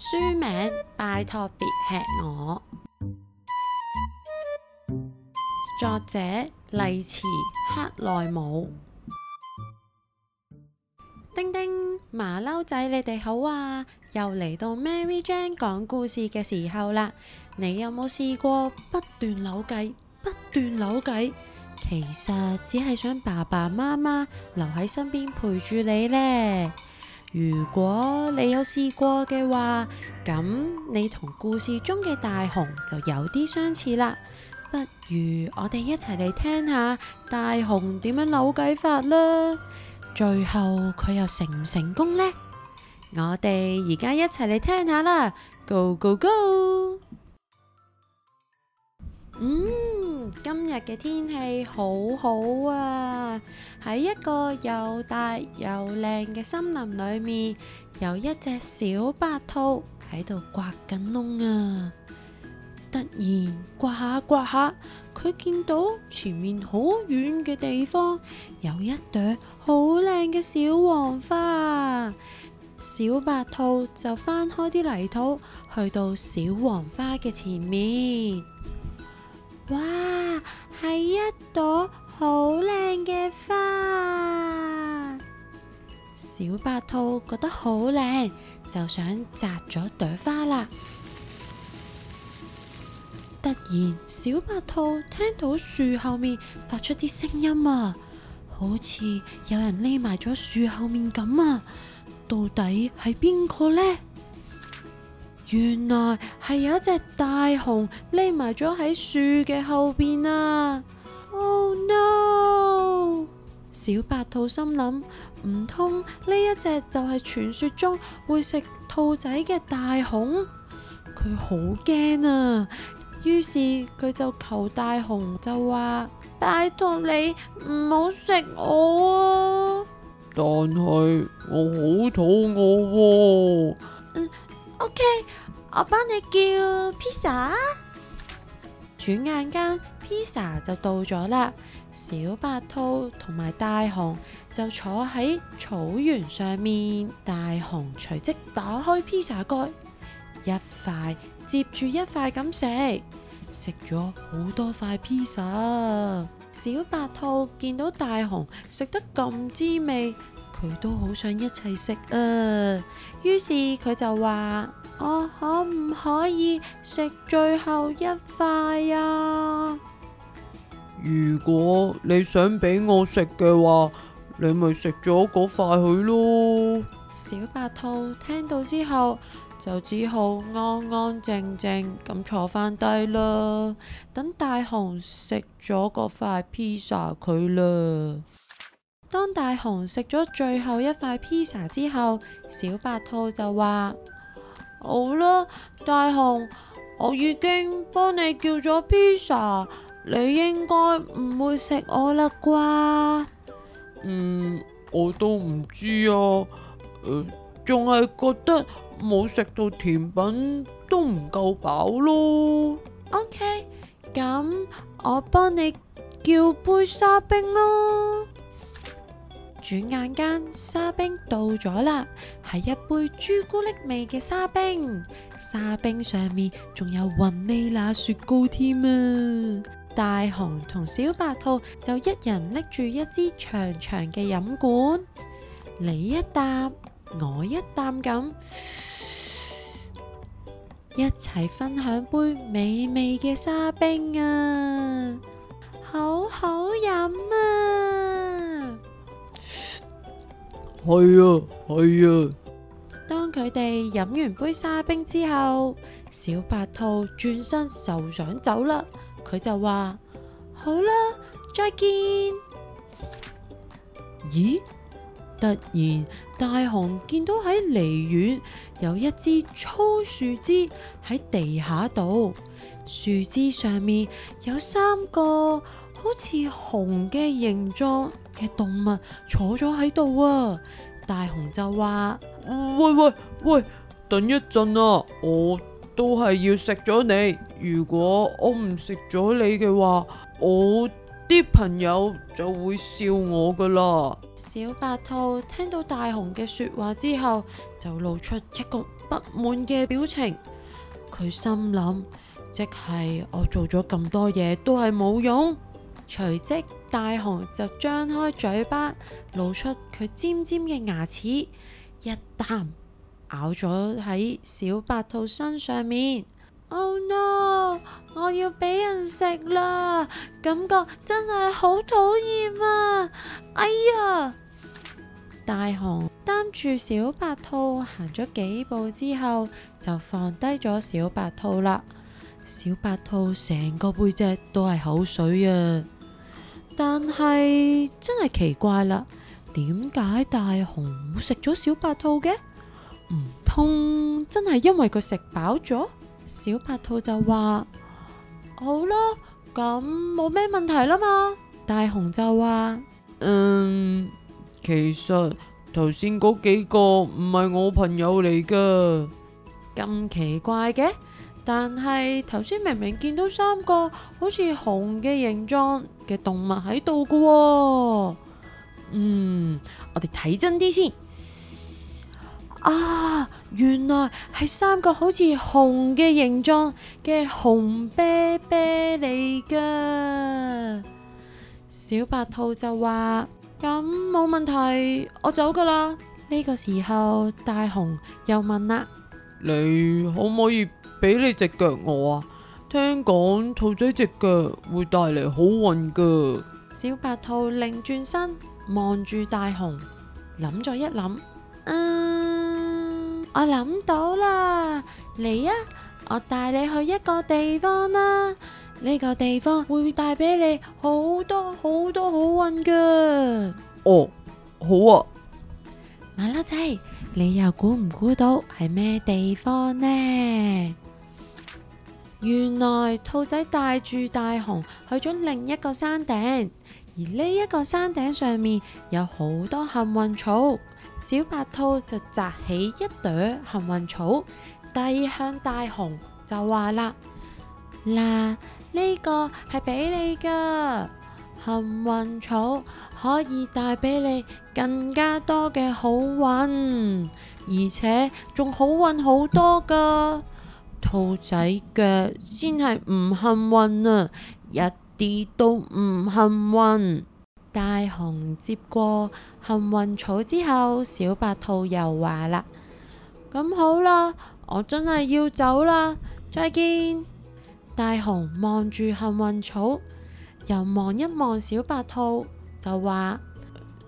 書名：拜託別吃我。作者：麗池克萊姆。叮叮、馬騮仔，你哋好啊！又嚟到 Mary Jane 講故事嘅時候啦！你有冇試過不斷扭計、不斷扭計？其實只係想爸爸媽媽留喺身邊陪住你呢。如果你有試過嘅話，咁你同故事中嘅大熊就有啲相似啦。不如我哋一齊嚟聽下大熊點樣扭計法啦。最後佢又成唔成功呢？我哋而家一齊嚟聽下啦。Go go go！嗯。今日嘅天氣好好啊！喺一個又大又靚嘅森林裏面，有一隻小白兔喺度掘緊窿啊！突然掘下掘下，佢見到前面好遠嘅地方有一朵好靚嘅小黃花，小白兔就翻開啲泥土，去到小黃花嘅前面。哇，係一朵好靚嘅花！小白兔覺得好靚，就想摘咗朵花啦。突然，小白兔聽到樹後面發出啲聲音啊，好似有人匿埋咗樹後面咁啊！到底係邊個呢？原來係有一隻大熊匿埋咗喺樹嘅後邊啊！Oh no！小白兔心諗，唔通呢一隻就係傳說中會食兔仔嘅大熊？佢好驚啊！於是佢就求大熊，就話：拜託你唔好食我啊！但係我好肚餓啊。呃 OK，我幫你叫披薩。轉眼間，披薩就到咗啦。小白兔同埋大熊就坐喺草原上面。大熊隨即打開披薩蓋，一塊接住一塊咁食，食咗好多塊披薩。小白兔見到大熊食得咁滋味。佢都好想一齊食啊！於是佢就話：我可唔可以食最後一塊啊？如果你想俾我食嘅話，你咪食咗嗰塊佢咯。小白兔聽到之後，就只好安安靜靜咁坐翻低啦，等大熊食咗嗰塊披薩佢啦。當大熊食咗最後一塊披薩之後，小白兔就話，好啦，大熊，我已經幫你叫咗披薩，你應該唔會食我啦啩？嗯，我都唔知啊。誒，仲係覺得冇食到甜品都唔夠飽咯。OK，咁我幫你叫杯沙冰咯。轉眼間，沙冰到咗啦，係一杯朱古力味嘅沙冰，沙冰上面仲有雲尼拿雪糕添啊！大熊同小白兔就一人拎住一支長長嘅飲管，你一啖我一啖咁，一齊分享杯美味嘅沙冰啊！好好飲啊！係啊，係啊。當佢哋飲完杯沙冰之後，小白兔轉身就想走啦。佢就話：好啦，再見。咦？突然，大熊見到喺離遠有一支粗樹枝喺地下度，樹枝上面有三個好似熊嘅形狀嘅動物坐咗喺度啊！大熊就話：「喂喂喂，等一陣啊！我都係要食咗你。如果我唔食咗你嘅話，我啲朋友就會笑我㗎喇。小白兔聽到大熊嘅說話之後，就露出一個不滿嘅表情。佢心諗，即係我做咗咁多嘢，都係冇用。隨即大熊就張開嘴巴，露出佢尖尖嘅牙齒，一啖咬咗喺小白兔身上面。Oh no！我要俾人食啦，感覺真係好討厭啊！哎呀！大熊擔住小白兔行咗幾步之後，就放低咗小白兔啦。小白兔成個背脊都係口水啊！但係真係奇怪啦，點解大熊冇食咗小白兔嘅？唔通真係因為佢食飽咗？小白兔就話，好啦，咁冇咩問題啦嘛。大熊就話嗯，其實頭先嗰幾個唔係我朋友嚟噶，咁奇怪嘅。但係頭先明明見到三個好似熊嘅形狀。嘅動物喺度嘅，嗯，我哋睇真啲先。啊，原來係三個好似熊嘅形狀嘅熊啤啤嚟噶。小白兔就話：咁、嗯、冇問題，我走噶啦。呢、這個時候，大熊又問啦：你可唔可以俾你隻腳我啊？聽講兔仔隻腳會帶嚟好運噶，小白兔擰轉身望住大熊，諗咗一諗，嗯，我諗到啦，嚟啊，我帶你去一個地方啦，呢個地方會帶俾你好多好多好運噶。哦，好啊，馬騮仔，你又估唔估到係咩地方呢？原來兔仔帶住大熊去咗另一個山頂，而呢一個山頂上面有好多幸運草，小白兔就摘起一朵幸運草遞向大熊，就話啦：嗱，呢個係俾你噶幸運草，啊這個、幸運草可以帶俾你更加多嘅好運，而且仲好運好多噶。兔仔腳先係唔幸運啊，一啲都唔幸運。大熊接過幸運草之後，小白兔又話啦：咁好啦，我真係要走啦，再見。大熊望住幸運草，又望一望小白兔，就話：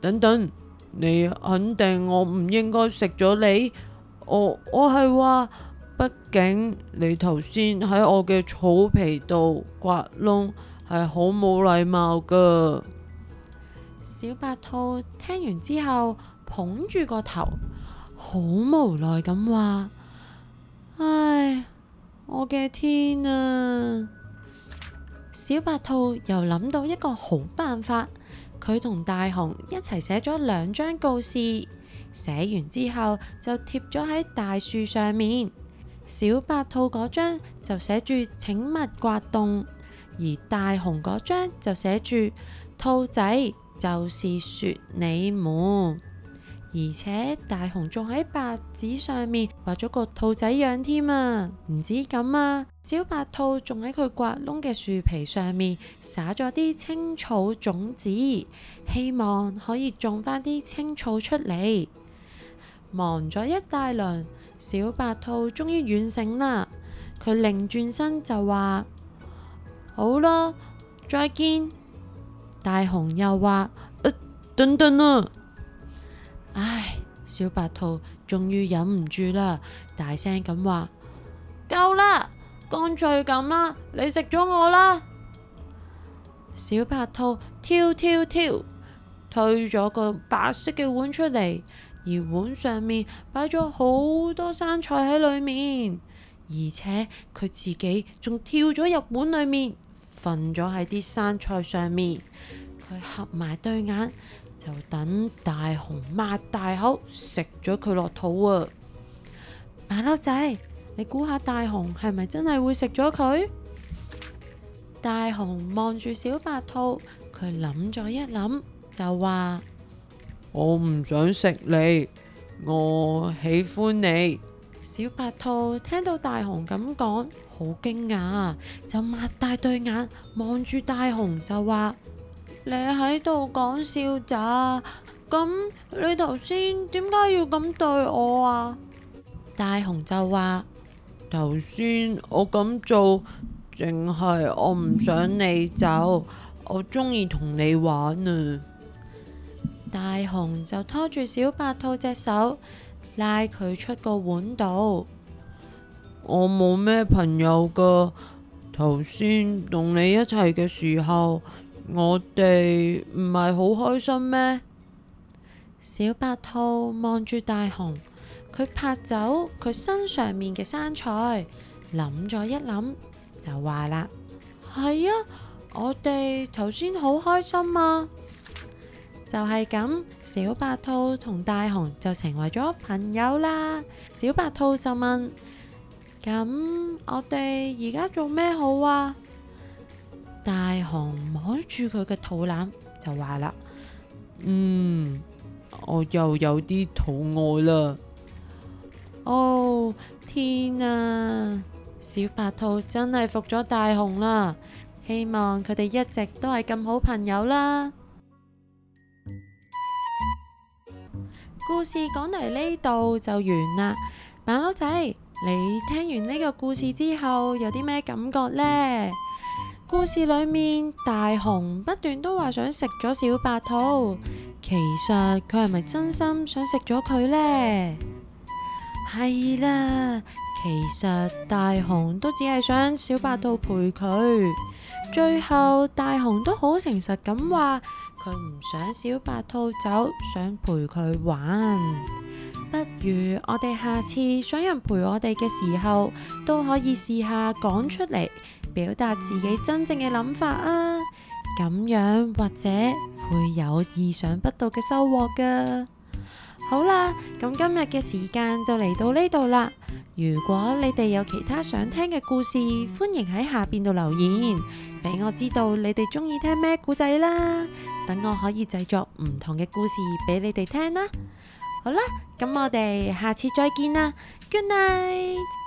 等等，你肯定我唔應該食咗你，我我係話。畢竟你頭先喺我嘅草皮度刮窿係好冇禮貌噶。小白兔聽完之後捧住個頭，好無奈咁話：唉，我嘅天啊！小白兔又諗到一個好辦法，佢同大熊一齊寫咗兩張告示，寫完之後就貼咗喺大樹上面。小白兔嗰張就寫住請勿刮洞，而大熊嗰張就寫住兔仔就是說你悶，而且大熊仲喺白紙上面畫咗個兔仔樣添啊。唔止咁啊，小白兔仲喺佢刮窿嘅樹皮上面撒咗啲青草種子，希望可以種翻啲青草出嚟。忙咗一大輪，小白兔終於軟醒啦。佢擰轉身就話：好咯，再見。大熊又話、呃：等等啊！唉，小白兔終於忍唔住啦，大聲咁話：夠啦，乾脆咁啦，你食咗我啦！小白兔跳跳跳，推咗個白色嘅碗出嚟。而碗上面擺咗好多生菜喺裏面，而且佢自己仲跳咗入碗裏面，瞓咗喺啲生菜上面。佢合埋對眼，就等大熊擘大口食咗佢落肚啊！馬騮仔，你估下大熊係咪真係會食咗佢？大熊望住小白兔，佢諗咗一諗，就話。我唔想食你，我喜歡你。小白兔聽到大熊咁講，好驚訝，就擘大對眼望住大熊，就話：你喺度講笑咋？咁你頭先點解要咁對我啊？大熊就話：頭先我咁做，淨係我唔想你走，我中意同你玩啊！大熊就拖住小白兔隻手，拉佢出個碗度。我冇咩朋友㗎。頭先同你一齊嘅時候，我哋唔係好開心咩？小白兔望住大熊，佢拍走佢身上面嘅生菜，諗咗一諗就話啦：係啊，我哋頭先好開心啊！就係咁，小白兔同大熊就成為咗朋友啦。小白兔就問：咁我哋而家做咩好啊？大熊摸住佢嘅肚腩就話啦：，嗯，我又有啲肚餓啦。哦天啊！小白兔真係服咗大熊啦，希望佢哋一直都係咁好朋友啦。故事講嚟呢度就完啦，馬騮仔，你聽完呢個故事之後有啲咩感覺呢？故事裏面大熊不斷都話想食咗小白兔，其實佢係咪真心想食咗佢呢？係啦，其實大熊都只係想小白兔陪佢。最後，大熊都好誠實咁話，佢唔想小白兔走，想陪佢玩。不如我哋下次想人陪我哋嘅時候，都可以試下講出嚟，表達自己真正嘅諗法啊！咁樣或者會有意想不到嘅收穫噶。好啦，咁今日嘅時間就嚟到呢度啦。如果你哋有其他想聽嘅故事，歡迎喺下邊度留言，俾我知道你哋中意聽咩故仔啦。等我可以製作唔同嘅故事俾你哋聽啦。好啦，咁我哋下次再見啦。Good night。